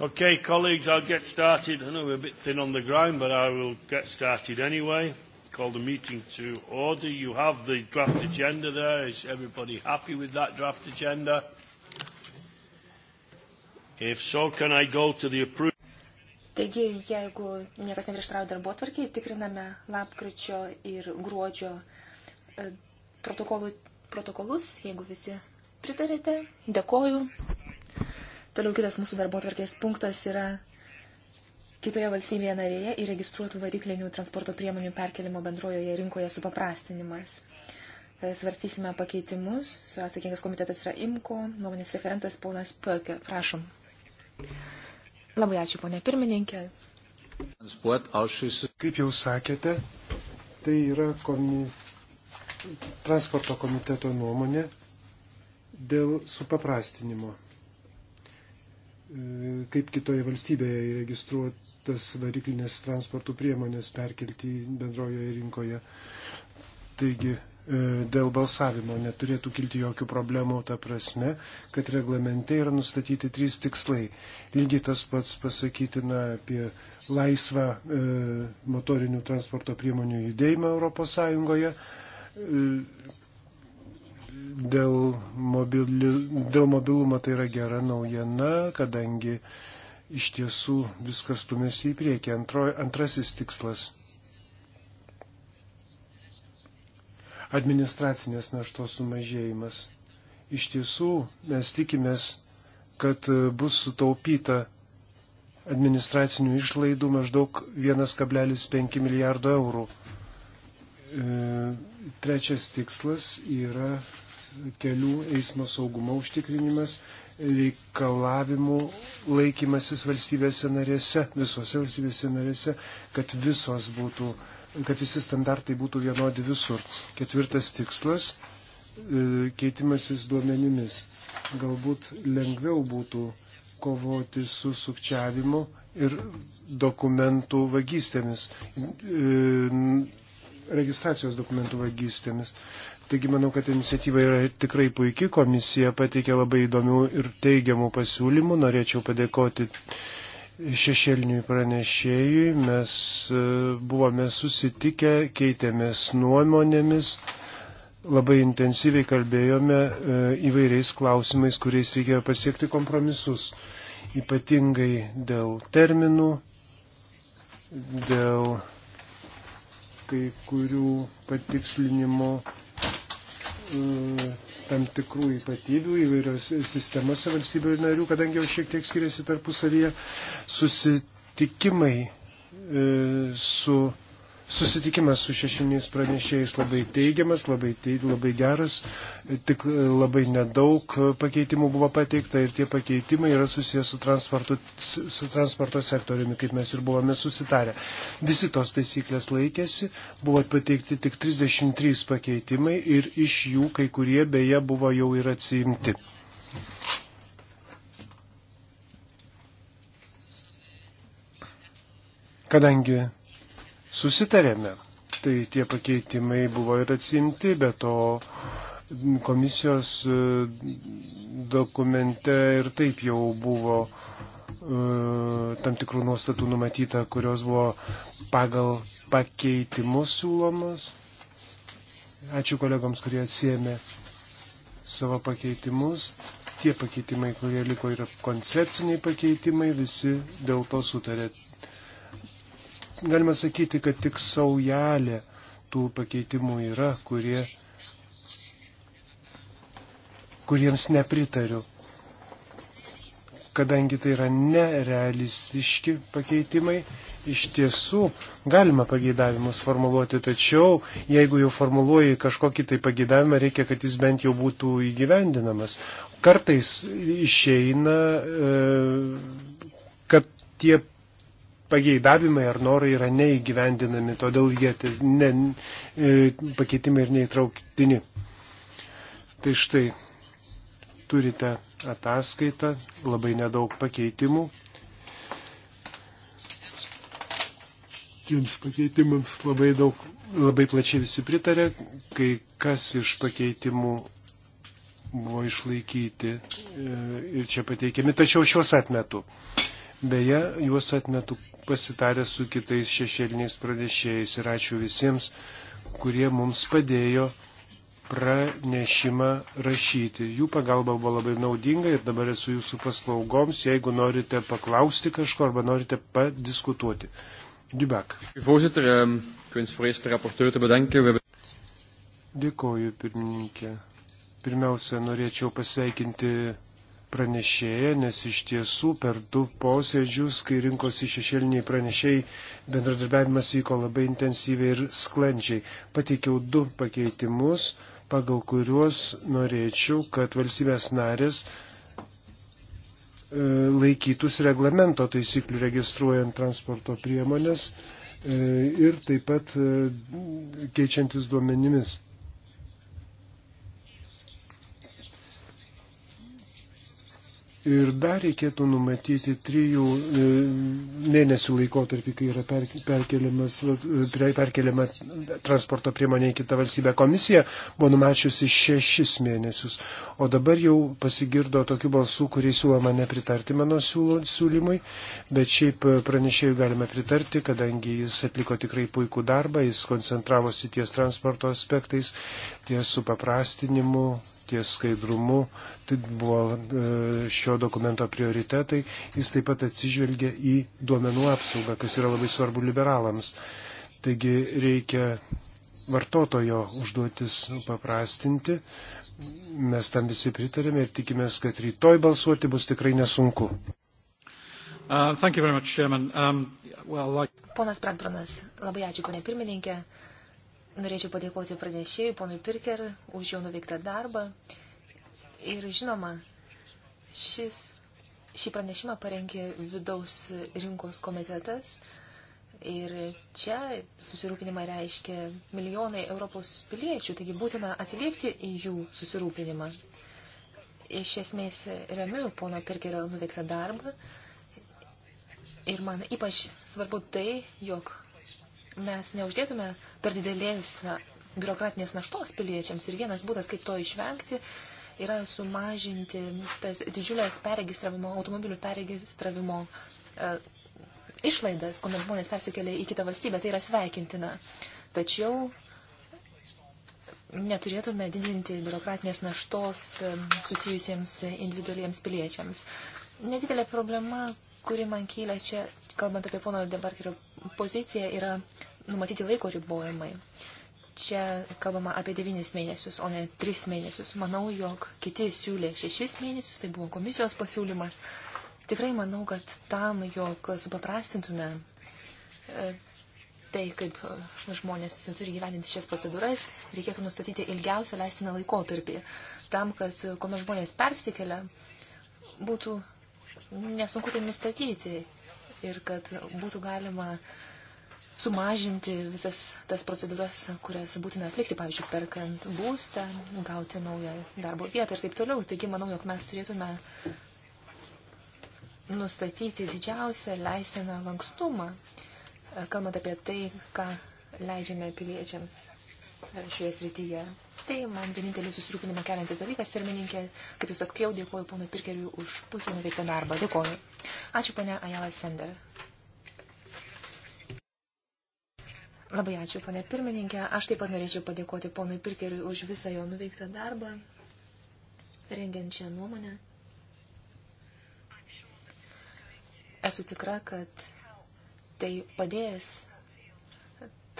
Okay, colleagues, I'll get started. I know we're a bit thin on the ground, but I will get started anyway. Call the meeting to order. You have the draft agenda there. Is everybody happy with that draft agenda? If so, can I go to the approval? Taigi, jeigu niekas neprieštrauja darbo tvarkiai, tikriname lapkričio ir gruodžio e, protokolų, protokolus, jeigu visi pritarėte. Dėkoju. Toliau kitas mūsų darbo tvarkės punktas yra kitoje valstybėje narėje įregistruotų variklinių transporto priemonių perkelimo bendrojoje rinkoje supaprastinimas. E, svarstysime pakeitimus. Atsakingas komitetas yra IMKO, nuomonės referentas ponas Pöke. Prašom. Labai ačiū, ponė pirmininkė. Kaip jau sakėte, tai yra komi... transporto komiteto nuomonė dėl supaprastinimo kaip kitoje valstybėje įregistruotas variklinės transporto priemonės perkelti bendrojoje rinkoje. Taigi e, dėl balsavimo neturėtų kilti jokių problemų, ta prasme, kad reglamente yra nustatyti trys tikslai. Lygiai tas pats pasakytina apie laisvą e, motorinių transporto priemonių judėjimą ES. E, dėl, mobili, dėl mobilumo tai yra gera naujiena, kadangi iš tiesų viskas stumėsi į priekį. Antro, antrasis tikslas - administracinės naštos sumažėjimas. Iš tiesų mes tikimės, kad e, bus sutaupyta administracinių išlaidų maždaug 1,5 milijardo eurų. E, trečias tikslas yra kelių eismo saugumo užtikrinimas, reikalavimų laikymasis valstybėse narėse, visose valstybėse narėse, kad visos būtų, kad visi standartai būtų vienodi visur. Ketvirtas tikslas e, - keitimasis duomenimis. Galbūt lengviau būtų kovoti su sukčiavimu ir dokumentų vagystėmis, e, registracijos dokumentų vagystėmis. Taigi manau, kad iniciatyva yra tikrai puikia, komisija pateikė labai įdomių ir teigiamų pasiūlymų. Norėčiau padėkoti šešėliniui pranešėjui. Mes e, buvome susitikę, keitėmės nuomonėmis, labai intensyviai kalbėjome e, įvairiais klausimais, kuriais reikėjo pasiekti kompromisus. Ypatingai dėl terminų, dėl kai kurių patikslinimo Mm, tam tikrų ypatybių įvairios sistemose valstybių narių, kadangi jau šiek tiek skiriasi tarpusavyje susitikimai e, su Susitikimas su šešiniais pranešėjais labai teigiamas, labai, tei, labai geras, tik labai nedaug pakeitimų buvo pateikta ir tie pakeitimai yra susijęs su transporto, su transporto sektoriumi, kaip mes ir buvome susitarę. Visi tos taisyklės laikėsi, buvo pateikti tik 33 pakeitimai ir iš jų kai kurie beje buvo jau ir atsiimti. Kadangi susitarėme. Tai tie pakeitimai buvo ir atsimti, bet to komisijos e, dokumente ir taip jau buvo e, tam tikrų nuostatų numatyta, kurios buvo pagal pakeitimus siūlomos. Ačiū kolegams, kurie atsiemė savo pakeitimus. Tie pakeitimai, kurie liko, yra koncepciniai pakeitimai, visi dėl to sutarė galima sakyti, kad tik saujelė tų pakeitimų yra, kurie, kuriems nepritariu. Kadangi tai yra nerealistiški pakeitimai, iš tiesų galima pageidavimus formuluoti, tačiau jeigu jau formuluoji kažkokį tai pageidavimą, reikia, kad jis bent jau būtų įgyvendinamas. Kartais išeina, e, kad tie pageidavimai ar norai yra neįgyvendinami, todėl jie ne, e, pakeitimai ir neįtrauktini. Tai štai turite ataskaitą, labai nedaug pakeitimų. Jums pakeitimams labai daug, labai plačiai visi pritarė, kai kas iš pakeitimų buvo išlaikyti e, ir čia pateikiami, tačiau šiuos atmetu. Beje, juos atmetu pasitarę su kitais šešėliniais pranešėjais ir ačiū visiems, kurie mums padėjo pranešimą rašyti. Jų pagalba buvo labai naudinga ir dabar esu jūsų paslaugoms, jeigu norite paklausti kažko arba norite padiskutuoti. Dubak. Ehm, Dėkoju, pirmininkė. Pirmiausia, norėčiau pasveikinti pranešėją, nes iš tiesų per du posėdžius, kai rinkosi šešėliniai pranešėjai, bendradarbiavimas vyko labai intensyviai ir sklandžiai. Pateikiau du pakeitimus, pagal kuriuos norėčiau, kad valstybės narės e, laikytus reglamento taisyklių registruojant transporto priemonės e, ir taip pat e, keičiantis duomenimis. Ir dar reikėtų numatyti trijų e, mėnesių laikotarpį, kai yra perkeliama e, transporto priemonė į kitą valstybę. Komisija buvo numačiusi šešis mėnesius, o dabar jau pasigirdo tokių balsų, kurie siūloma nepritarti mano siūlymui, bet šiaip pranešėjų galime pritarti, kadangi jis atliko tikrai puikų darbą, jis koncentravosi ties transporto aspektais, ties supaprastinimu, ties skaidrumu. Tai buvo e, šio šio dokumento prioritetai, jis taip pat atsižvelgia į duomenų apsaugą, kas yra labai svarbu liberalams. Taigi reikia vartotojo užduotis paprastinti. Mes tam visi pritarėme ir tikimės, kad rytoj balsuoti bus tikrai nesunku. Uh, much, um, well, like... Ponas Brantbranas, labai ačiū, ponė pirmininkė. Norėčiau padėkoti pranešėjui, ponui Pirker, už jo nuveiktą darbą. Ir žinoma, Šis, šį pranešimą parengė vidaus rinkos komitetas ir čia susirūpinimą reiškia milijonai Europos piliečių, taigi būtina atsiliepti į jų susirūpinimą. Iš esmės remiu pono Perkerio nuveiktą darbą ir man ypač svarbu tai, jog mes neuždėtume per didelės biurokratinės naštos piliečiams ir vienas būdas, kaip to išvengti, yra sumažinti tas didžiulės perregistravimo, automobilių perregistravimo e, išlaidas, kuomet žmonės persikelia į kitą valstybę, tai yra sveikintina. Tačiau neturėtume didinti biurokratinės naštos e, susijusiems individualiems piliečiams. Nedidelė problema, kuri man kyla čia, kalbant apie pono Debarkerio poziciją, yra numatyti laiko ribojimai. Uh, čia kalbama apie 9 mėnesius, o ne 3 mėnesius. Manau, jog kiti siūlė 6 mėnesius, tai buvo komisijos pasiūlymas. Tikrai manau, kad tam, jog supaprastintume e, tai, kaip e, žmonės turi gyveninti šias procedūras, reikėtų nustatyti ilgiausią leistiną laikotarpį, tam, kad e, kuomet žmonės persikelia, būtų nesunku tai nustatyti ir kad būtų galima uh, sumažinti visas tas procedūras, kurias būtina atlikti, pavyzdžiui, perkant būstą, gauti naują darbo vietą ir taip toliau. Taigi, manau, jog mes turėtume nustatyti didžiausią leistiną lankstumą, kalbant apie tai, ką leidžiame piliečiams šioje srityje. Tai man vienintelis susirūpinimą keliantis dalykas, pirmininkė. Kaip jūs sakiau, dėkoju ponui Pirkeriui už puikiai nuveiktą darbą. Dėkoju. Ačiū, ponia Ajala Sender. Labai ačiū, ponė pirmininkė. Aš taip pat norėčiau padėkoti ponui Pirkeriui už visą jo nuveiktą darbą, rengiant šią nuomonę. Esu tikra, kad tai padės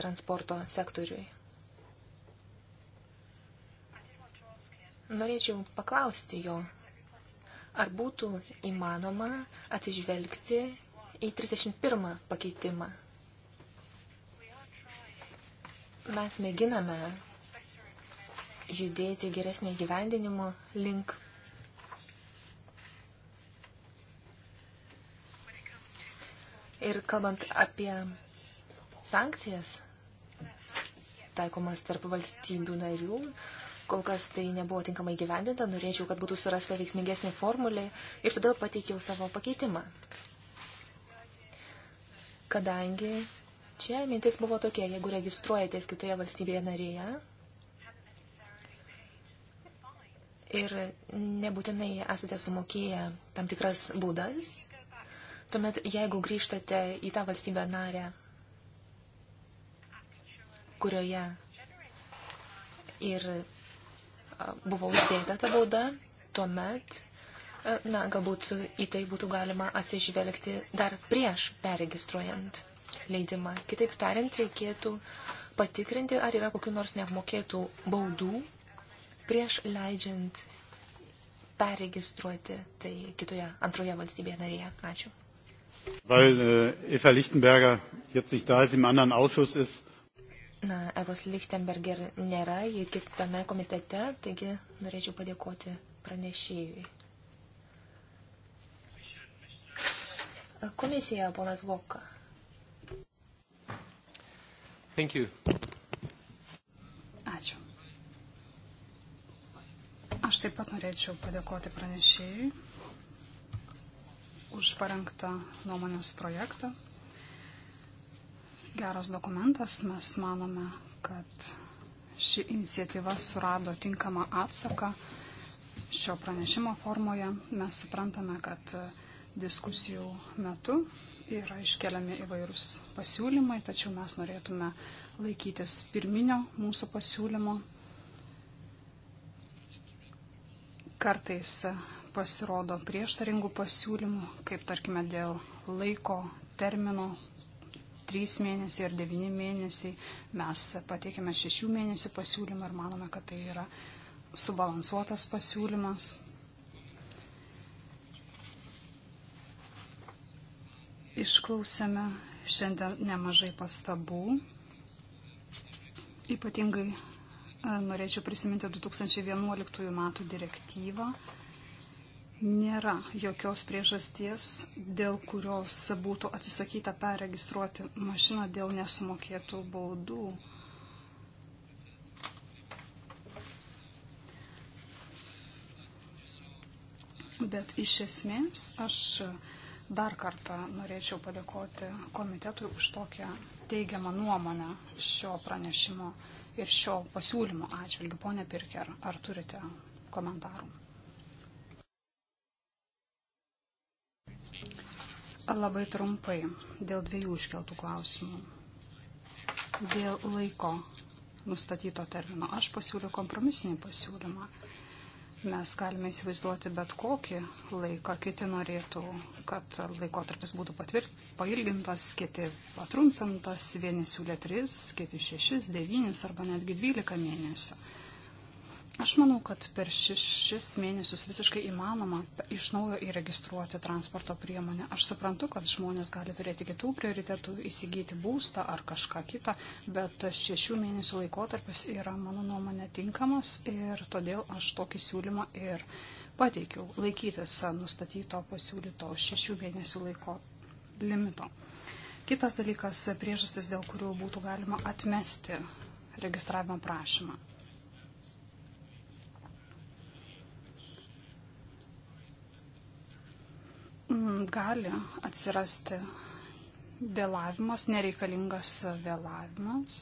transporto sektoriui. Norėčiau paklausti jo, ar būtų įmanoma atsižvelgti į 31 pakeitimą Mes mėginame judėti geresnio gyvendinimo link. Ir kalbant apie sankcijas taikomas tarp valstybių narių, kol kas tai nebuvo tinkamai gyvendinta, norėčiau, kad būtų surasta veiksmingesnė formulė ir todėl pateikiau savo pakeitimą. Kadangi Čia mintis buvo tokia, jeigu registruojatės kitoje valstybėje narėje ir nebūtinai esate sumokėję tam tikras būdas, tuomet jeigu grįžtate į tą valstybę narę, kurioje ir buvo uždėta ta bauda, tuomet na, galbūt į tai būtų galima atsižvelgti dar prieš peregistruojant leidimą. Kitaip tariant, reikėtų patikrinti, ar yra kokiu nors neapmokėtų baudų prieš leidžiant perregistruoti tai kitoje antroje valstybėje narėje. Ačiū. Weil äh, Eva Lichtenberger jetzt nicht da ist, im anderen Ausschuss ist. Na, Evos Lichtenberger nėra, ji kitame komitete, taigi norėčiau padėkoti pranešėjui. Komisija, ponas Voka. Thank you. Ačiū. Aš taip pat norėčiau padėkoti pranešėjui už parengtą nuomonės projektą. Geras dokumentas, mes manome, kad ši iniciatyva surado tinkamą atsaką šio pranešimo formoje. Mes suprantame, kad diskusijų metu yra iškeliami įvairūs pasiūlymai, tačiau mes norėtume laikytis pirminio mūsų pasiūlymo. Kartais pasirodo prieštaringų pasiūlymų, kaip tarkime dėl laiko termino 3 mėnesiai ar 9 mėnesiai. Mes pateikėme 6 mėnesių pasiūlymą ir manome, kad tai yra subalansuotas pasiūlymas. Išklausėme šiandien nemažai pastabų. Ypatingai e, norėčiau prisiminti 2011 metų direktyvą. Nėra jokios priežasties, dėl kurios būtų atsisakyta perregistruoti mašiną dėl nesumokėtų baudų. Bet iš esmės aš uh, Dar kartą norėčiau padėkoti komitetui už tokią teigiamą nuomonę šio pranešimo ir šio pasiūlymo atžvilgiu. Pone Pirker, ar turite komentarų? Labai trumpai dėl dviejų iškeltų klausimų. Dėl laiko nustatyto termino aš pasiūliau kompromisinį pasiūlymą Mes galime įsivaizduoti bet kokį laiką. Kiti norėtų, kad laikotarpis būtų patvirt, pailgintas, kiti patrumpintas. Vieni siūlė 3, kiti 6, 9 arba netgi 12 mėnesių. Aš manau, kad per šešis mėnesius visiškai įmanoma iš naujo įregistruoti transporto priemonę. Aš suprantu, kad žmonės gali turėti kitų prioritetų, įsigyti būstą ar kažką kitą, bet šešių mėnesių laikotarpis yra, mano nuomonė, tinkamas ir todėl aš tokį siūlymą ir pateikiau laikytis nustatyto pasiūlyto šešių mėnesių laiko limito. Kitas dalykas - priežastis, dėl kurių būtų galima atmesti registravimo prašymą. Mm, gali atsirasti vėlavimas, nereikalingas vėlavimas.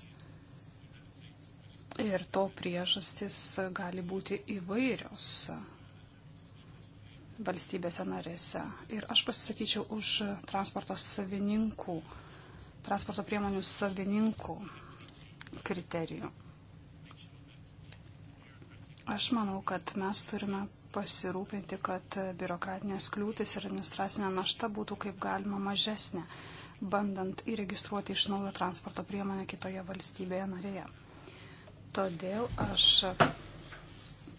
Ir to priežastis gali būti įvairios valstybėse narėse. Ir aš pasisakyčiau už transporto savininkų, transporto priemonių savininkų kriterijų. Aš manau, kad mes turime pasirūpinti, kad biurokratinės kliūtis ir administracinė našta būtų kaip galima mažesnė, bandant įregistruoti iš naujo transporto priemonę kitoje valstybėje narėje. Todėl aš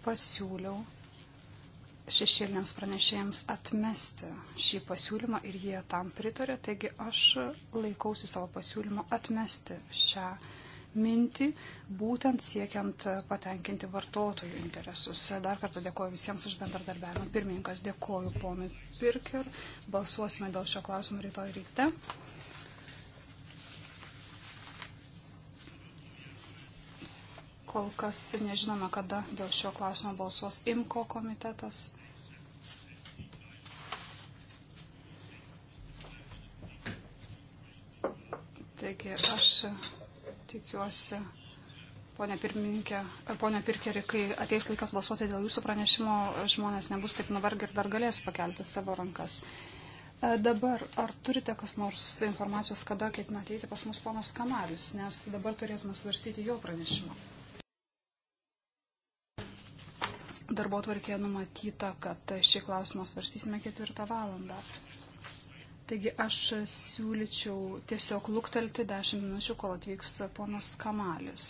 pasiūliau šešėliniams pranešėjams atmesti šį pasiūlymą ir jie tam pritarė, taigi aš laikausi savo pasiūlymo atmesti šią mintį, būtent siekiant patenkinti vartotojų interesus. Dar kartą dėkoju visiems už bendradarbiavimą. Pirmininkas dėkoju ponui Pirkiur. Balsuosime dėl šio klausimo rytoj ryte. Kol kas nežinome, kada dėl šio klausimo balsuos IMKO komitetas. Taigi aš tikiuosi, ponia pirmininkė, e, ponia Pirkeri, kai ateis laikas balsuoti dėl jūsų pranešimo, žmonės nebus taip nuvargę ir dar galės pakelti savo rankas. E, dabar, ar turite kas nors informacijos, kada ketina ateiti pas mus ponas Kamalis, nes dabar turėtume svarstyti jo pranešimą. Darbo tvarkė numatyta, kad šį klausimą svarstysime ketvirtą valandą. Taigi aš siūlyčiau tiesiog luktelti 10 minučių, kol atvyks ponas Kamalis.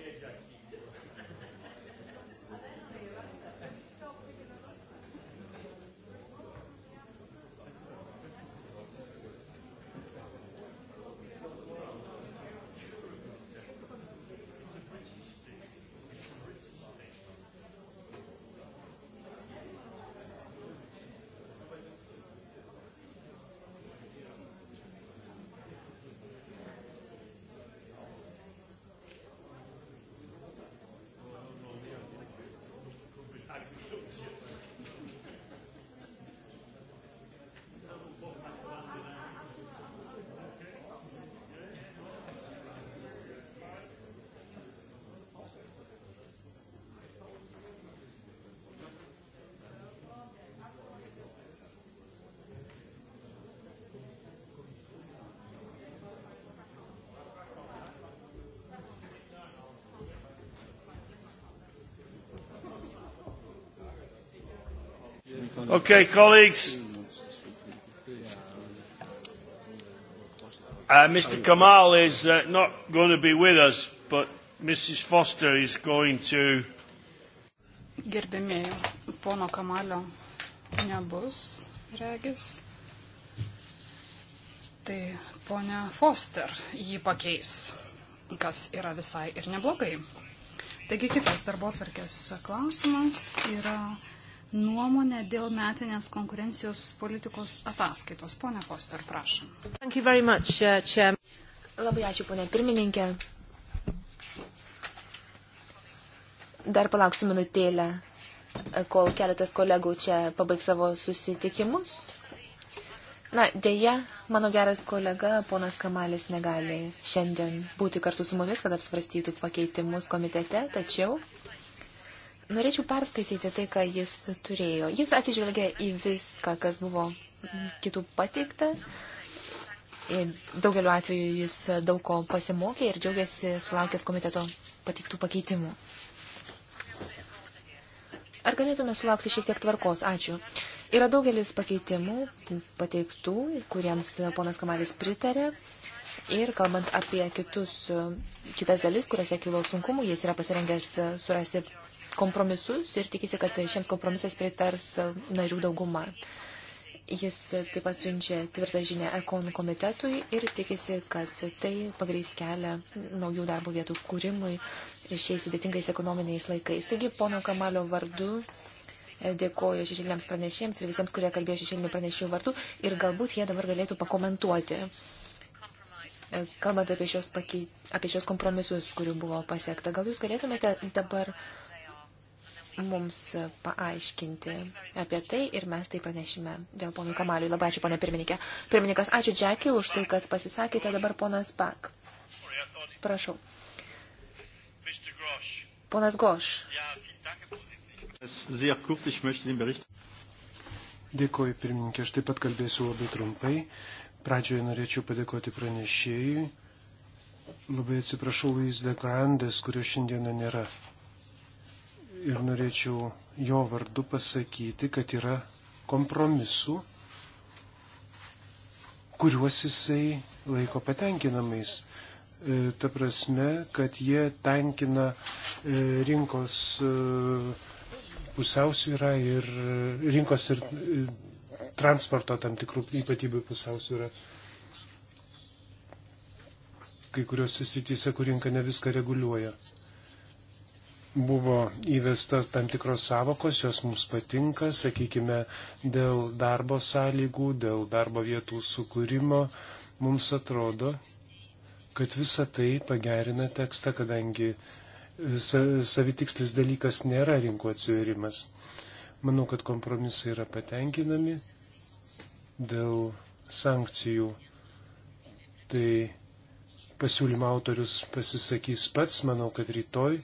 Okay, colleagues. Uh, Mr. Kamal is uh, not going to be with us, but Mrs. Foster is going to. Gerbėmėjų, pono Kamalio nebus, regis. Tai ponia Foster jį pakeis, kas yra visai ir neblogai. Taigi kitas darbo atvarkės klausimas yra nuomonę dėl metinės konkurencijos politikos ataskaitos. Pone Foster, prašom. Much, uh, Labai ačiū, ponė pirmininkė. Dar palauksiu minutėlę, kol keletas kolegų čia pabaigs savo susitikimus. Na, dėja, mano geras kolega, ponas Kamalis, negali šiandien būti kartu su mumis, kad apsvarstytų pakeitimus komitete, tačiau Norėčiau perskaityti tai, ką jis turėjo. Jis atsižvelgia į viską, kas buvo kitų pateikta. Daugeliu atveju jis daug ko pasimokė ir džiaugiasi sulaukęs komiteto pateiktų pakeitimų. Ar galėtume sulaukti šiek tiek tvarkos? Ačiū. Yra daugelis pakeitimų pateiktų, kuriems ponas Kamalis pritarė. Ir kalbant apie kitus, kitas dalis, kuriuose kilo sunkumų, jis yra pasirengęs surasti kompromisus ir tikisi, kad šiems kompromisais pritars narių dauguma. Jis taip pat siunčia tvirtą žinę ekon komitetui ir tikisi, kad tai pagrės kelią naujų darbo vietų kūrimui šiais sudėtingais ekonominiais laikais. Taigi, pono Kamalio vardu e, dėkoju šešėliniams pranešėjams ir visiems, kurie kalbėjo šešėlinių pranešėjų vardu ir galbūt jie dabar galėtų pakomentuoti, e, kalbant apie šios, pakeit, apie šios kompromisus, kurių buvo pasiekta. Gal jūs galėtumėte dabar mums paaiškinti apie tai ir mes tai pranešime vėl ponui Kamaliui. Labai ačiū, ponė pirmininkė. Pirmininkas, ačiū Džekį už tai, kad pasisakėte dabar ponas Pak. Prašau. Ponas Goš. Dėkoju, pirmininkė. Aš taip pat kalbėsiu labai trumpai. Pradžioje norėčiau padėkoti pranešėjui. Labai atsiprašau, jis dekrandės, kurio šiandieną nėra ir norėčiau jo vardu pasakyti, kad yra kompromisų, kuriuos jisai laiko patenkinamais. E, ta prasme, kad jie tenkina e, rinkos e, pusiausvyrą ir rinkos ir transporto tam tikrų ypatybių pusiausvyrą kai kuriuose srityse, kur rinka ne viską reguliuoja buvo įvestas tam tikros savokos, jos mums patinka, sakykime, dėl darbo sąlygų, dėl darbo vietų sukūrimo. Mums atrodo, kad visa tai pagerina tekstą, kadangi savitikslis dalykas nėra rinkų atsiverimas. Manau, kad kompromisai yra patenkinami dėl sankcijų. Tai pasiūlymo autorius pasisakys pats, manau, kad rytoj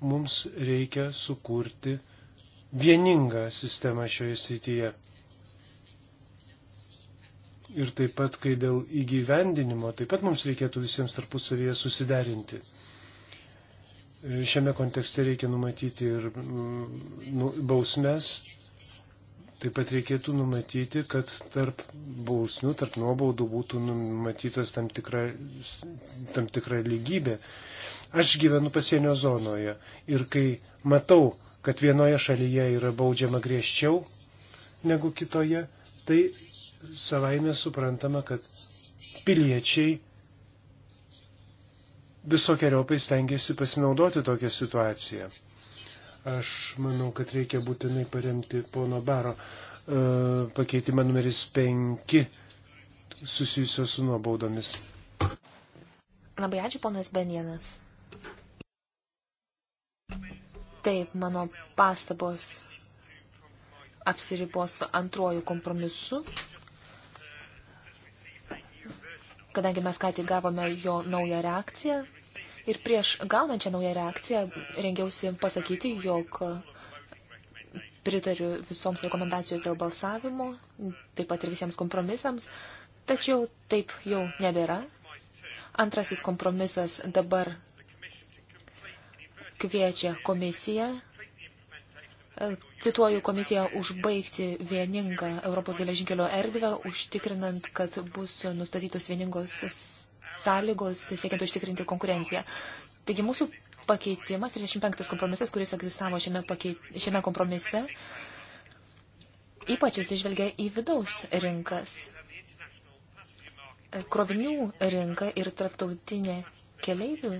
mums reikia sukurti vieningą sistemą šioje srityje. Ir taip pat, kai dėl įgyvendinimo, taip pat mums reikėtų visiems tarpusavyje susiderinti. Šiame kontekste reikia numatyti ir mm, nu, bausmes, taip pat reikėtų numatyti, kad tarp bausmių, tarp nuobaudų būtų numatytas tam tikra, tam tikra lygybė. Aš gyvenu pasienio zonoje ir kai matau, kad vienoje šalyje yra baudžiama griežčiau negu kitoje, tai savaime suprantama, kad piliečiai visokiojopai stengiasi pasinaudoti tokią situaciją. Aš manau, kad reikia būtinai paremti pono Baro e, pakeitimą numeris 5 susijusios su nuobaudomis. Labai ačiū, ponas Benjanas. Taip, mano pastabos apsiribos antrojų kompromisu, kadangi mes ką tik gavome jo naują reakciją. Ir prieš gaunančią naują reakciją rengiausi pasakyti, jog pritariu visoms rekomendacijos dėl balsavimo, taip pat ir visiems kompromisams, tačiau taip jau nebėra. Antrasis kompromisas dabar kviečia komisiją, e, cituoju komisiją, užbaigti vieningą Europos geležinkelio erdvę, užtikrinant, kad bus nustatytos vieningos sąlygos siekiant užtikrinti konkurenciją. Taigi mūsų pakeitimas, 35 kompromisas, kuris egzistavo šiame, pakeit, šiame kompromise, ypač atsižvelgia į vidaus rinkas. Krovinių rinka ir tarptautinė keleivių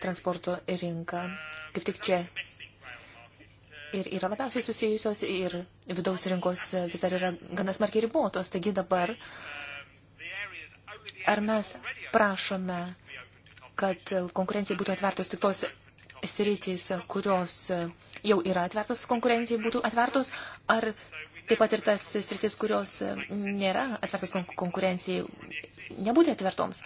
transporto rinka kaip tik čia ir yra labiausiai susijusios ir vidaus rinkos vis dar yra ganas markiai ribotos. Taigi dabar ar mes prašome, kad konkurencijai būtų atvertos tik tos sritys, kurios jau yra atvertos konkurencijai būtų atvertos, ar Taip pat ir tas sritis, kurios e, nėra atvertos konkurencijai, nebūti atvertoms.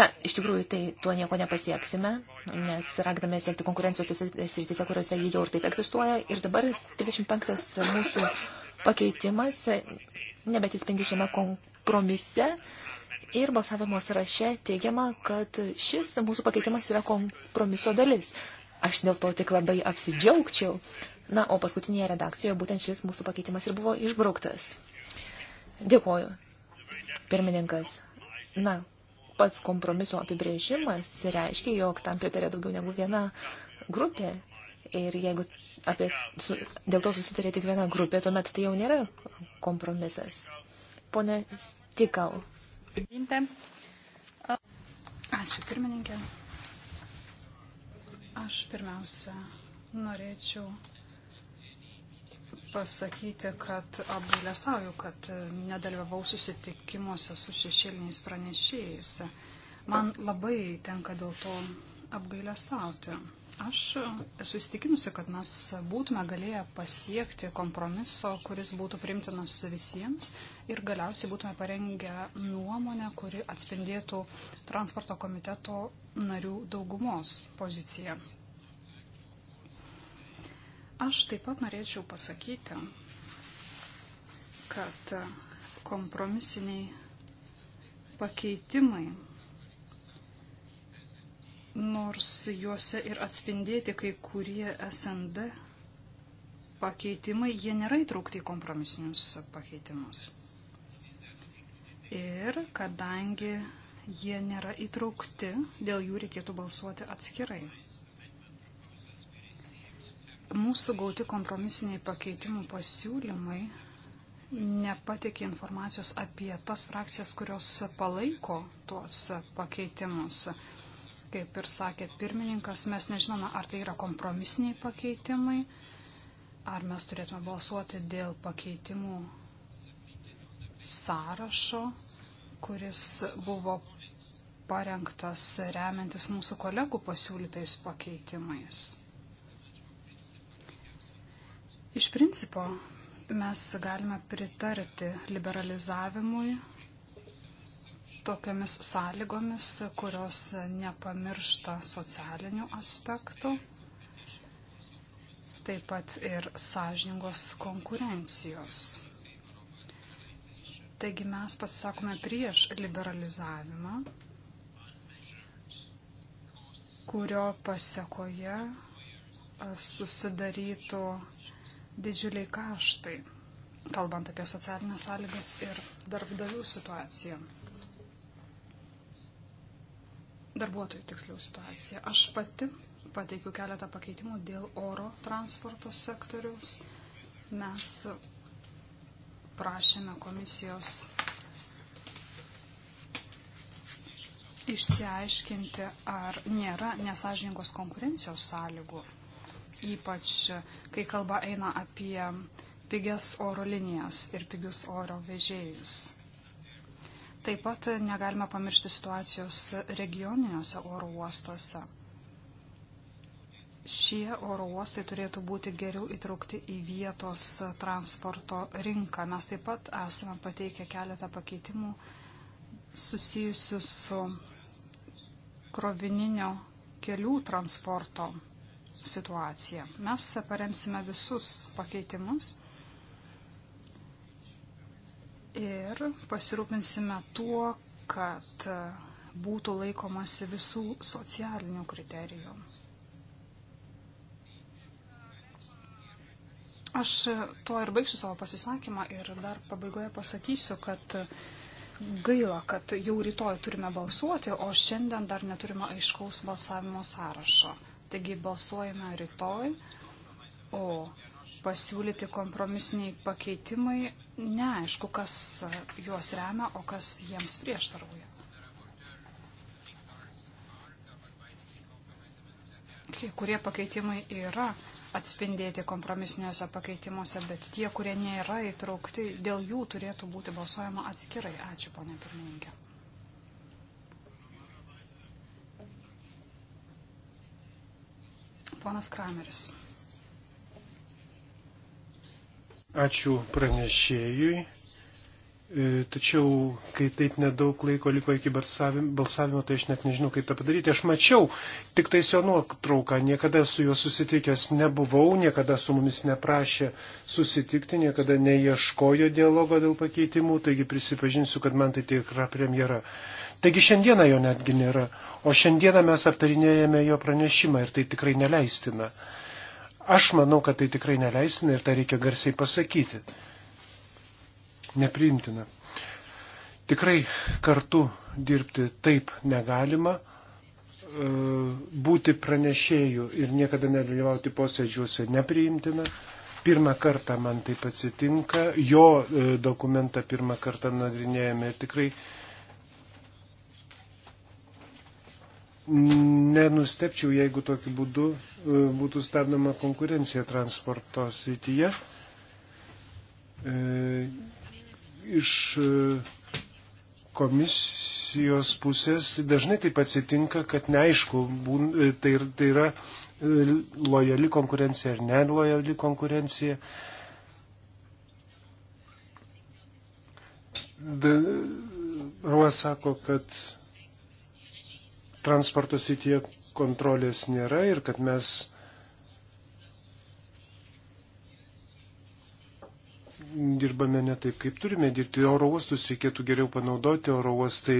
Na, iš tikrųjų, tai tuo nieko nepasieksime, nes ragdame siekti konkurencijos tose sritise, kuriuose jie jau ir taip egzistuoja. Ir dabar 35 mūsų pakeitimas nebetispindi šiame kompromise. Ir balsavimo sąraše teigiama, kad šis mūsų pakeitimas yra kompromiso dalis. Aš dėl to tik labai apsidžiaugčiau. Na, o paskutinėje redakcijoje būtent šis mūsų pakeitimas ir buvo išbrauktas. Dėkoju, pirmininkas. Na, pats kompromiso apibrėžimas reiškia, jog tam pritarė daugiau negu viena grupė. Ir jeigu apie, su, dėl to susitarė tik viena grupė, tuomet tai jau nėra kompromisas. Pone Stikau. Ačiū, pirmininkė. Aš pirmiausia norėčiau pasakyti, kad apgailestauju, kad nedalyvavau susitikimuose su šešėliniais pranešėjais. Man labai tenka dėl to apgailestauti. Aš esu įstikinusi, kad mes būtume galėję pasiekti kompromiso, kuris būtų primtinas visiems ir galiausiai būtume parengę nuomonę, kuri atspindėtų transporto komiteto narių daugumos poziciją. Aš taip pat norėčiau pasakyti, kad kompromisiniai pakeitimai, nors juose ir atspindėti kai kurie SND pakeitimai, jie nėra įtraukti į kompromisinius pakeitimus. Ir kadangi jie nėra įtraukti, dėl jų reikėtų balsuoti atskirai. Mūsų gauti kompromisiniai pakeitimų pasiūlymai nepatikė informacijos apie tas frakcijas, kurios palaiko tuos pakeitimus. Kaip ir sakė pirmininkas, mes nežinome, ar tai yra kompromisiniai pakeitimai, ar mes turėtume balsuoti dėl pakeitimų sąrašo, kuris buvo parengtas remiantis mūsų kolegų pasiūlytais pakeitimais. Iš principo mes galime pritarti liberalizavimui tokiamis sąlygomis, kurios nepamiršta socialinių aspektų, taip pat ir sąžiningos konkurencijos. Taigi mes pasisakome prieš liberalizavimą, kurio pasiekoje susidarytų didžiuliai kaštai, kalbant apie socialinės sąlygas ir darbdavių situaciją. Darbuotojų tiksliau situaciją. Aš pati pateikiu keletą pakeitimų dėl oro transporto sektoriaus. Mes prašėme komisijos išsiaiškinti, ar nėra nesažininkos konkurencijos sąlygų ypač kai kalba eina apie pigias oro linijas ir pigius oro vežėjus. Taip pat negalime pamiršti situacijos regioniniuose oro uostuose. Šie oro uostai turėtų būti geriau įtraukti į vietos transporto rinką. Mes taip pat esame pateikę keletą pakeitimų susijusių su krovininio kelių transporto situaciją. Mes paremsime visus pakeitimus ir pasirūpinsime tuo, kad būtų laikomasi visų socialinių kriterijų. Aš tuo ir baigsiu savo pasisakymą ir dar pabaigoje pasakysiu, kad gaila, kad jau rytoj turime balsuoti, o šiandien dar neturime aiškaus balsavimo sąrašo. Taigi balsuojame rytoj, o pasiūlyti kompromisiniai pakeitimai neaišku, kas juos remia, o kas jiems prieštarauja. Kai kurie pakeitimai yra atspindėti kompromisiniuose pakeitimuose, bet tie, kurie nėra įtraukti, dėl jų turėtų būti balsuojama atskirai. Ačiū, ponė pirmininkė. Ponas Krameris. Ačiū pranešėjui. E, tačiau, kai taip nedaug laiko liko iki balsavimo, tai aš net nežinau, kaip tą padaryti. Aš mačiau tik tai jo nuotrauką, niekada su juo susitikęs nebuvau, niekada su mumis neprašė susitikti, niekada neieškojo dialogo dėl pakeitimų, taigi prisipažinsiu, kad man tai tikra premjera. Taigi šiandieną jo netgi nėra, o šiandieną mes aptarinėjame jo pranešimą ir tai tikrai neleistina. Aš manau, kad tai tikrai neleistina ir tą reikia garsiai pasakyti. Nepriimtina. Tikrai kartu dirbti taip negalima, e, būti pranešėjų ir niekada nedalyvauti posėdžiuose nepriimtina. Pirmą kartą man taip atsitinka, jo e, dokumentą pirmą kartą nagrinėjame ir tikrai Nenustepčiau, jeigu tokiu būdu e, būtų stabdoma konkurencija transporto srityje. E, iš e, komisijos pusės dažnai taip atsitinka, kad neaišku, tai, tai yra lojali konkurencija ar nelojali konkurencija. Ruas sako, kad transporto sityje kontrolės nėra ir kad mes dirbame ne taip, kaip turime dirbti. Oro uostus reikėtų geriau panaudoti, oro uostai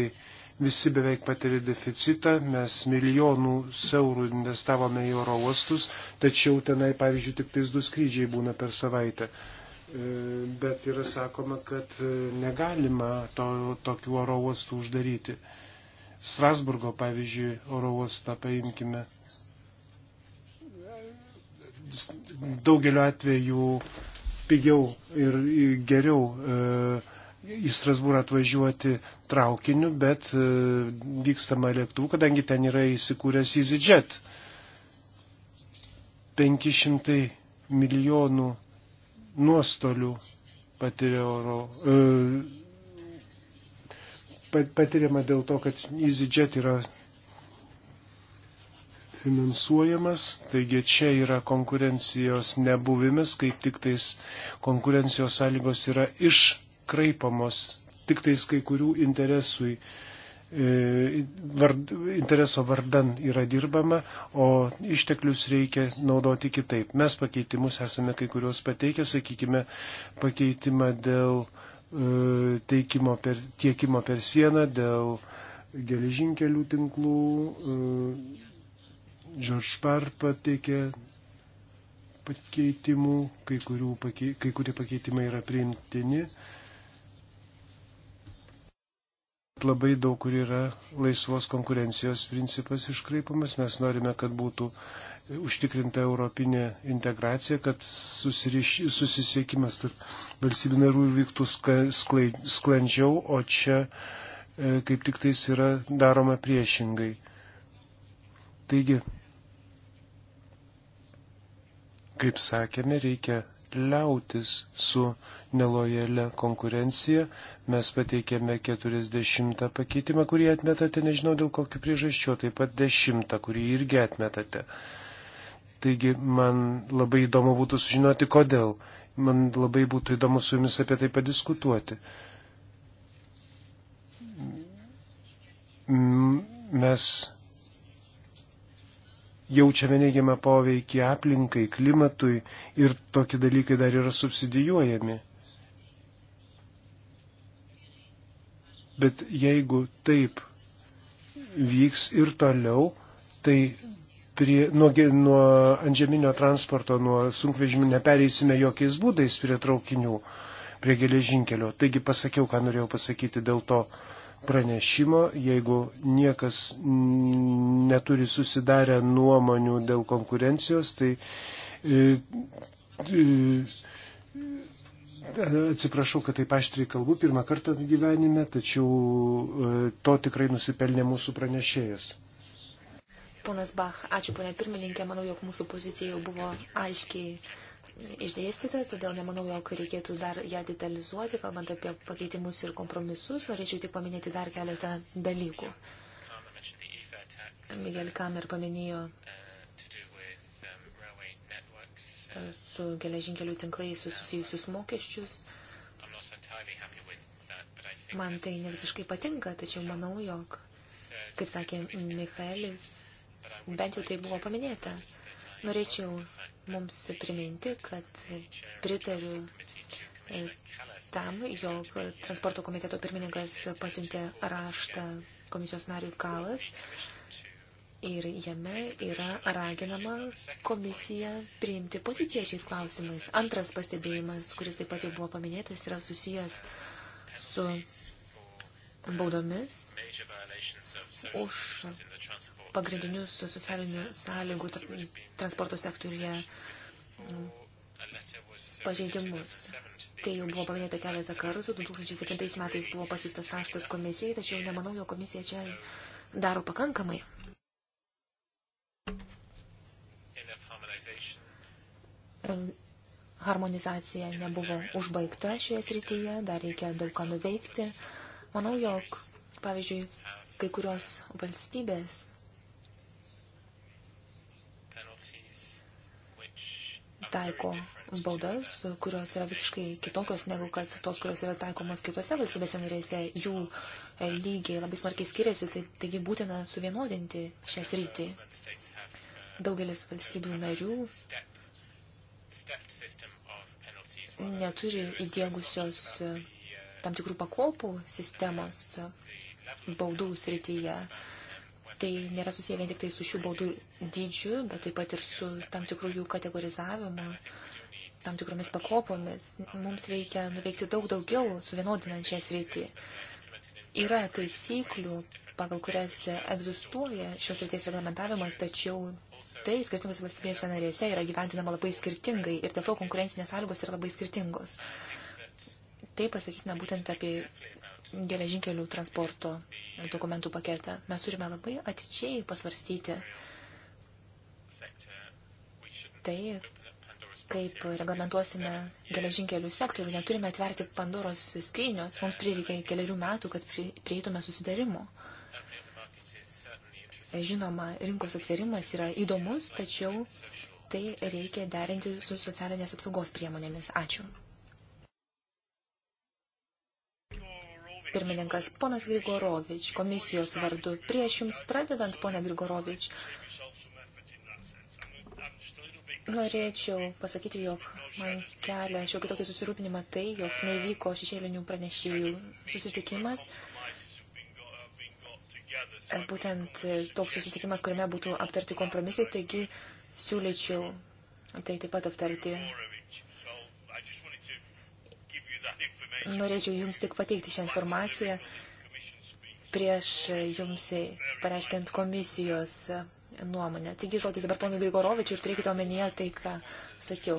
visi beveik patiria deficitą, mes milijonų eurų investavome į oro uostus, tačiau tenai, pavyzdžiui, tik tais du skrydžiai būna per savaitę. E, bet yra sakoma, kad e, negalima to, tokių oro uostų uždaryti. Strasburgo, pavyzdžiui, oro uostą paimkime. Daugeliu atveju pigiau ir geriau e, į Strasbūrą atvažiuoti traukiniu, bet e, vykstama lėktuvu, kadangi ten yra įsikūręs EasyJet. 500 milijonų nuostolių patiria oro, e, patiriama dėl to, kad EasyJet yra finansuojamas, taigi čia yra konkurencijos nebuvimas, kaip tik tais konkurencijos sąlygos yra iškraipamos, tik tais kai kurių interesui, e, vard, intereso vardan yra dirbama, o išteklius reikia naudoti kitaip. Mes pakeitimus esame kai kuriuos pateikę, sakykime, pakeitimą dėl uh, E, teikimo per, tiekimo per sieną, dėl geležinkelių tinklų. E, George Par pateikė pakeitimų, kai, pakei, kai kurie pakeitimai yra priimtini. Labai daug kur yra laisvos konkurencijos principas iškraipamas, mes norime, kad būtų uh, užtikrinta europinė integracija, kad susisiekimas tarp valstybių narių vyktų sklandžiau, o čia e, kaip tik tais yra daroma priešingai. Taigi, kaip sakėme, reikia liautis su nelojalia konkurencija. Mes pateikėme 40 pakeitimą, kurį atmetate, nežinau dėl kokių priežasčių, taip pat 10, kurį irgi atmetate. Taigi man labai įdomu būtų sužinoti, kodėl. Man labai būtų įdomu su jumis apie tai padiskutuoti. Mes jaučiame neigiamą poveikį aplinkai, klimatui ir tokie dalykai dar yra subsidijuojami. Bet jeigu taip vyks ir toliau, tai prie, nuo, nuo antžeminio transporto, nuo sunkvežimių nepereisime jokiais būdais prie traukinių, prie geležinkelio. Taigi pasakiau, ką norėjau pasakyti dėl to pranešimo, jeigu niekas neturi susidarę nuomonių dėl konkurencijos, tai e, e, atsiprašau, kad taip aštriai kalbu pirmą kartą gyvenime, tačiau e, to tikrai nusipelnė mūsų pranešėjas. Ponas Bach, ačiū ponė pirmininkė, manau, jog mūsų pozicija jau buvo aiškiai išdėstyta, todėl nemanau, jog reikėtų dar ją detalizuoti, kalbant apie pakeitimus ir kompromisus, norėčiau tik paminėti dar keletą dalykų. Miguel Kamer paminėjo e, su geležinkelių tinklais susijusius mokesčius. Man tai ne visiškai patinka, tačiau manau, jog, kaip sakė Michaelis, bent jau tai buvo paminėta. Norėčiau mums priminti, kad pritariu e, tam, jog transporto komiteto pirmininkas pasiuntė raštą komisijos nariui Kalas ir jame yra raginama komisija priimti poziciją šiais klausimais. Antras pastebėjimas, kuris taip pat jau buvo paminėtas, yra susijęs su baudomis už pagrindinius socialinių sąlygų transporto sektorija mm, pažeidimus. Tai jau buvo paminėta keletą kartų. 2007 metais buvo pasiūstas raštas komisijai, tačiau nemanau, jo komisija čia daro pakankamai. Harmonizacija nebuvo užbaigta šioje srityje, dar reikia daug ką nuveikti. Manau, jog, pavyzdžiui, kai kurios valstybės taiko baudas, kurios yra visiškai kitokios negu kad tos, kurios yra taikomos kitose valstybėse narėse, jų e, lygiai labai smarkiai skiriasi, tai, taigi būtina suvienodinti šią sritį. Daugelis valstybių narių neturi įdėgusios tam tikrų pakopų sistemos baudų srityje. Tai nėra susiję vien tik tai su šių baudų dydžiu, bet taip pat ir su tam tikrų jų kategorizavimu, tam tikromis pakopomis. Mums reikia nuveikti daug daugiau suvienodinant šią sritį. Yra taisyklių, pagal kurias egzistuoja šios srities reglamentavimas, tačiau tai skirtingose valstybėse narėse yra gyventinama labai skirtingai ir dėl to konkurencinės sąlygos yra labai skirtingos. Uh, Tai pasakytina būtent apie geležinkelių transporto dokumentų paketą. Mes turime labai atidžiai pasvarstyti tai, kaip reglamentuosime geležinkelių sektorių. Neturime atverti Pandoros skrynios. Mums prireikia keliarių metų, kad prieitume susidarimo. Žinoma, rinkos atverimas yra įdomus, tačiau tai reikia derinti su socialinės apsaugos priemonėmis. Ačiū. Pirmininkas, ponas Grigorovič, komisijos vardu. Prieš jums pradedant, ponė Grigorovič, norėčiau pasakyti, jog man kelia šiokį tokį susirūpinimą tai, jog nevyko šešėlinių pranešėjų susitikimas. Būtent toks susitikimas, kuriame būtų aptarti kompromisai, taigi siūlyčiau tai taip pat aptarti Norėčiau Jums tik pateikti šią informaciją prieš Jums pareiškiant komisijos nuomonę. Taigi žodis dabar ponui Grigorovičiu ir turėkite omenyje tai, ką sakiau.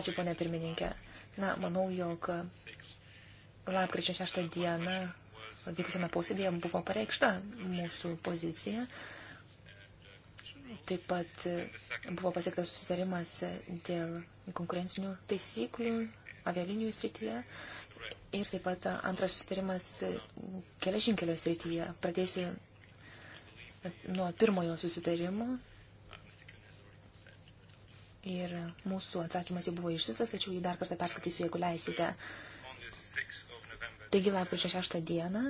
Ačiū, ponė pirmininkė. Na, manau, jog lapkričio 6 dieną vykusiame posėdėje buvo pareikšta mūsų pozicija. Taip pat buvo pasiektas susitarimas dėl konkurencinių taisyklių avialinijų srityje. Ir taip pat antras sustarimas e, geležinkelio srityje. Pradėsiu nuo pirmojo susitarimo. Ir mūsų atsakymas jau buvo išsisas, tačiau jį dar kartą perskaitysiu, jeigu leisite. Taigi, lapkričio 6 dieną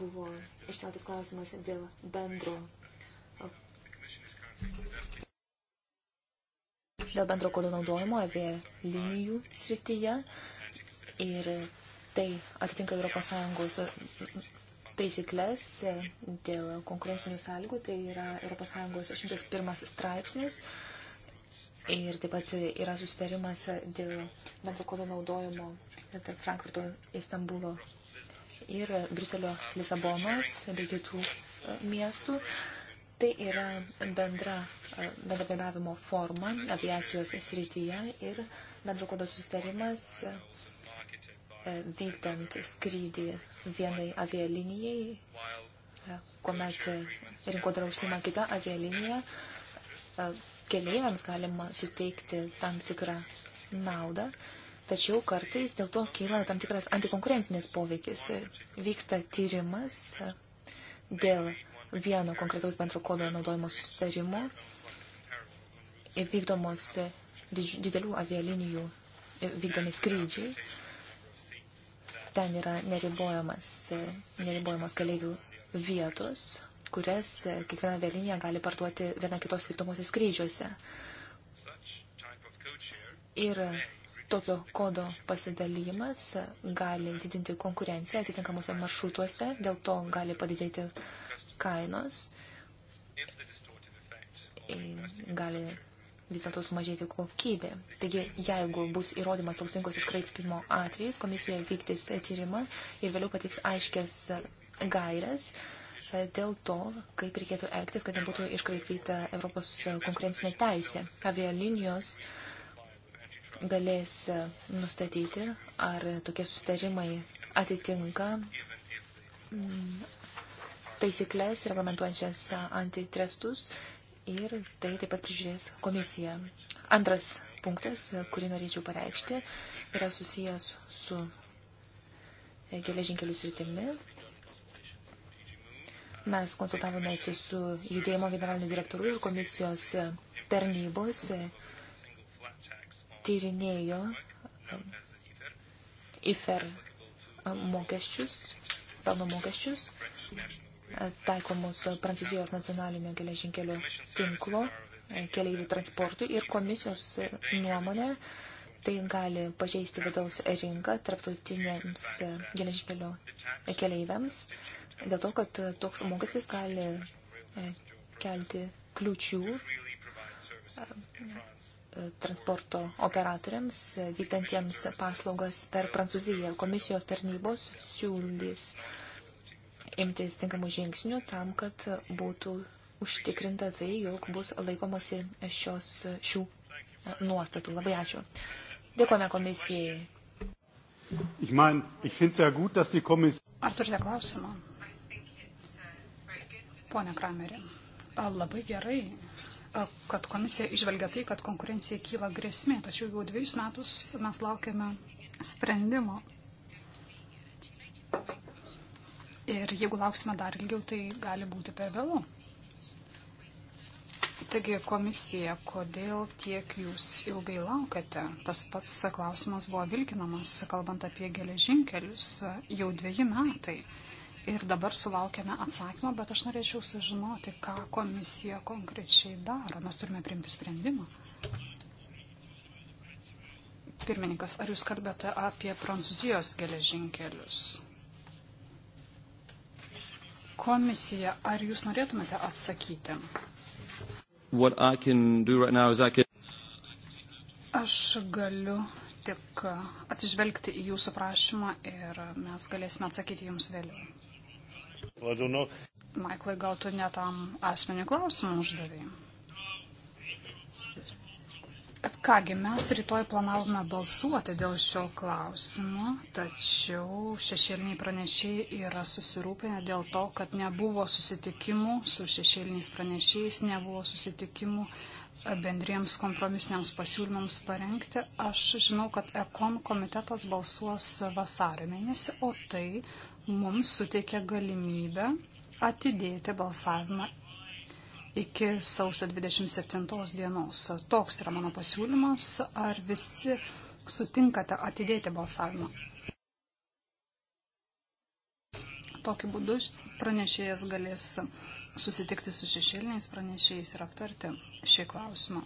buvo iškeltas klausimas dėl bendro dėl bendro kodo naudojimo avialinijų srityje ir tai atitinka ES taisyklės dėl konkurencinių sąlygų, tai yra ES 101 straipsnis ir taip pat yra susitarimas dėl bendro kodo naudojimo tarp Frankfurto, Istanbulo ir Briuselio, Lisabonos bei kitų miestų. Tai yra bendra e, bendradarbiavimo forma aviacijos srityje ir bendro kodo sustarimas e, vykdant skrydį vienai avialinijai, e, kuomet rinkodara užsima kita avialinija, keleiviams galima suteikti tam tikrą naudą, tačiau kartais dėl to kyla tam tikras antikonkurencinis poveikis. Vyksta tyrimas dėl vieno konkretaus bendro kodo naudojimo susitarimu vykdomos didž, didelių avialinijų vykdomi skrydžiai. Ten yra neribojamas, neribojamos keleivių vietos, kurias kiekviena avialinija gali parduoti viena kitos vykdomose skrydžiuose. Ir tokio kodo pasidalymas gali didinti konkurenciją atitinkamuose maršrutuose, dėl to gali padidėti uh, kainos gali vis dėlto sumažėti kokybė. Taigi, jeigu bus įrodymas toks rinkos iškraipimo atvejais, komisija vyktis tyrimą ir vėliau patiks aiškės gairias dėl to, kaip reikėtų elgtis, kad nebūtų iškraipyta Europos konkurencinė teisė. Avialinijos galės nustatyti, ar tokie sustarimai atitinka taisyklės reglamentuojančias antitrestus ir tai taip pat prižiūrės komisija. Antras punktas, kurį norėčiau pareikšti, yra susijęs su e, geležinkelių sritimi. Mes konsultavomės su judėjimo generaliniu direktoru ir komisijos tarnybos e, tyrinėjo e, IFER mokesčius, pelno mokesčius taikomus Prancūzijos nacionalinio geležinkelio tinklo e, keleivių transportui ir komisijos nuomonė tai gali pažeisti vidaus rinką tarptautiniams geležinkelio keleiviams, dėl to, kad toks mokestis gali e, kelti kliučių e, transporto operatoriams vykdantiems paslaugas per Prancūziją. Komisijos tarnybos siūlys uh, imtis tinkamų žingsnių tam, kad būtų užtikrinta tai, jog bus laikomasi šios, šių e, nuostatų. Labai ačiū. Dėkome komisijai. Ich mein, ich ja gut, dass die komis... Ar turite klausimą? Pone Krameri, labai gerai, kad komisija išvelgia tai, kad konkurencija kyla grėsmė, tačiau jau dviejus metus mes laukiame sprendimo. Ir jeigu lauksime dar ilgiau, tai gali būti per vėlų. Taigi komisija, kodėl tiek jūs ilgai laukate? Tas pats klausimas buvo vilkinamas, kalbant apie geležinkelius, jau dviejį metai. Ir dabar sulaukėme atsakymą, bet aš norėčiau sužinoti, ką komisija konkrečiai daro. Mes turime priimti sprendimą. Pirmininkas, ar jūs kalbate apie prancūzijos geležinkelius? komisija, ar jūs norėtumėte atsakyti? Right can... Aš galiu tik atsižvelgti į jūsų prašymą ir mes galėsime atsakyti jums vėliau. Maiklai, gal tu netam asmenį klausimą uždavėjai? Kągi, mes rytoj planavome balsuoti dėl šio klausimo, tačiau šešėliniai pranešiai yra susirūpinę dėl to, kad nebuvo susitikimų su šešėliniais pranešiais, nebuvo susitikimų e, bendriems kompromisiniams pasiūlymams parengti. Aš žinau, kad Ekon komitetas balsuos vasario mėnesį, o tai mums suteikia galimybę atidėti balsavimą iki sausio 27 dienos. Toks yra mano pasiūlymas. Ar visi sutinkate atidėti balsavimą? Tokiu būdu pranešėjas galės susitikti su šešėliniais pranešėjais ir aptarti šį klausimą.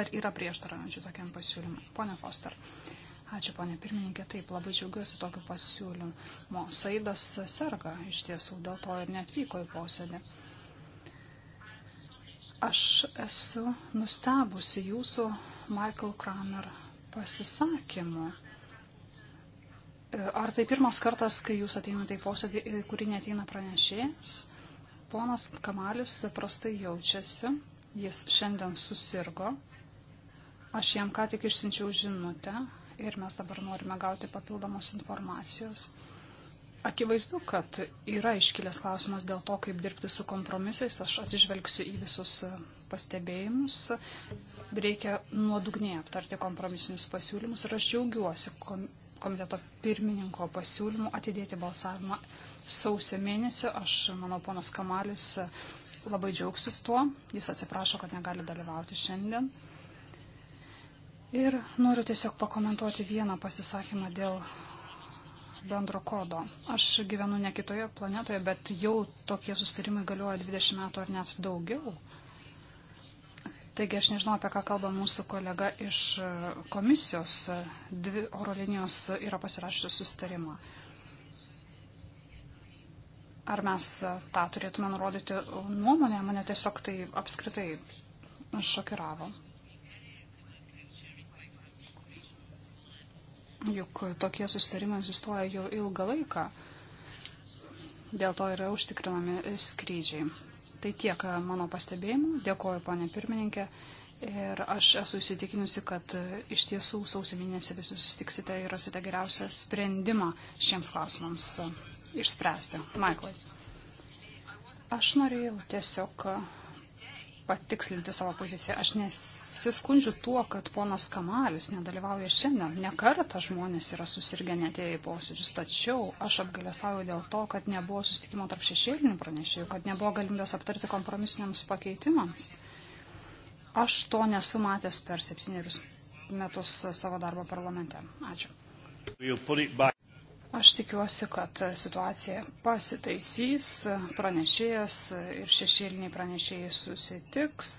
Ar yra prieštaraujančių tokiam pasiūlymui? Pone Foster. Ačiū, ponė pirmininkė. Taip, labai džiaugiuosi tokiu pasiūlymu. Saidas serga iš tiesų, dėl to ir netvyko į posėdį. Aš esu nustebusi jūsų Michael Kramer pasisakymu. Ar tai pirmas kartas, kai jūs ateinate į posėdį, kurį neteina pranešėjas? Ponas Kamalis prastai jaučiasi, jis šiandien susirgo. Aš jam ką tik išsinčiau žinutę ir mes dabar norime gauti papildomos informacijos. Akivaizdu, kad yra iškilęs klausimas dėl to, kaip dirbti su kompromisais. Aš atsižvelgsiu į visus e, pastebėjimus. Reikia nuodugniai aptarti kompromisinius pasiūlymus ir aš džiaugiuosi komiteto pirmininko pasiūlymų atidėti balsavimą sausio mėnesį. Aš, manau, ponas Kamalis e, labai džiaugsis tuo. Jis atsiprašo, kad negali dalyvauti šiandien. Ir noriu tiesiog pakomentuoti vieną pasisakymą dėl bendro kodo. Aš gyvenu ne kitoje planetoje, bet jau tokie sustarimai galioja 20 metų ar net daugiau. Taigi aš nežinau, apie ką kalba mūsų kolega iš e, komisijos. Dvi oro linijos yra pasirašusios sustarimą. Ar mes tą turėtume nurodyti nuomonę, mane tiesiog tai apskritai šokiravo. Juk tokie susitarimai egzistuoja jau ilgą laiką. Dėl to yra užtikrinami skrydžiai. Tai tiek mano pastebėjimų. Dėkoju, ponė pirmininkė. Ir aš esu įsitikinusi, kad iš tiesų sausio mėnesį visi susitiksite ir rasite geriausią sprendimą šiems klausimams išspręsti. Michaelai. Aš norėjau tiesiog patikslinti savo poziciją. Aš nesiskundžiu tuo, kad ponas Kamalis nedalyvauja šiandien. Nekartą žmonės yra susirgę netėję į posėdžius, tačiau aš apgailestauju dėl to, kad nebuvo susitikimo tarp šešėlinių pranešėjų, kad nebuvo galimybės aptarti kompromisiniams pakeitimams. Aš to nesu matęs per septynerius metus savo darbo parlamente. Ačiū. Aš tikiuosi, kad situacija pasitaisys, pranešėjas ir šešėliniai pranešėjai susitiks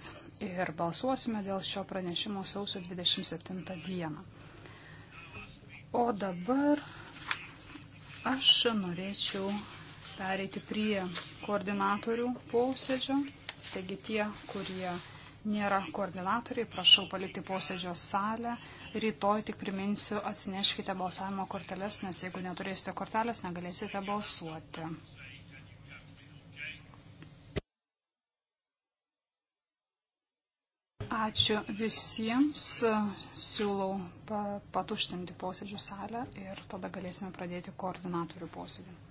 ir balsuosime dėl šio pranešimo sausio 27 dieną. O dabar aš norėčiau pereiti prie koordinatorių posėdžio. Taigi tie, kurie nėra koordinatoriai, prašau palikti posėdžio salę. Rytoj tik priminsiu, atsineškite balsavimo korteles, nes jeigu neturėsite kortelės, negalėsite balsuoti. Ačiū visiems. Siūlau patuštinti posėdžių salę ir tada galėsime pradėti koordinatorių posėdį.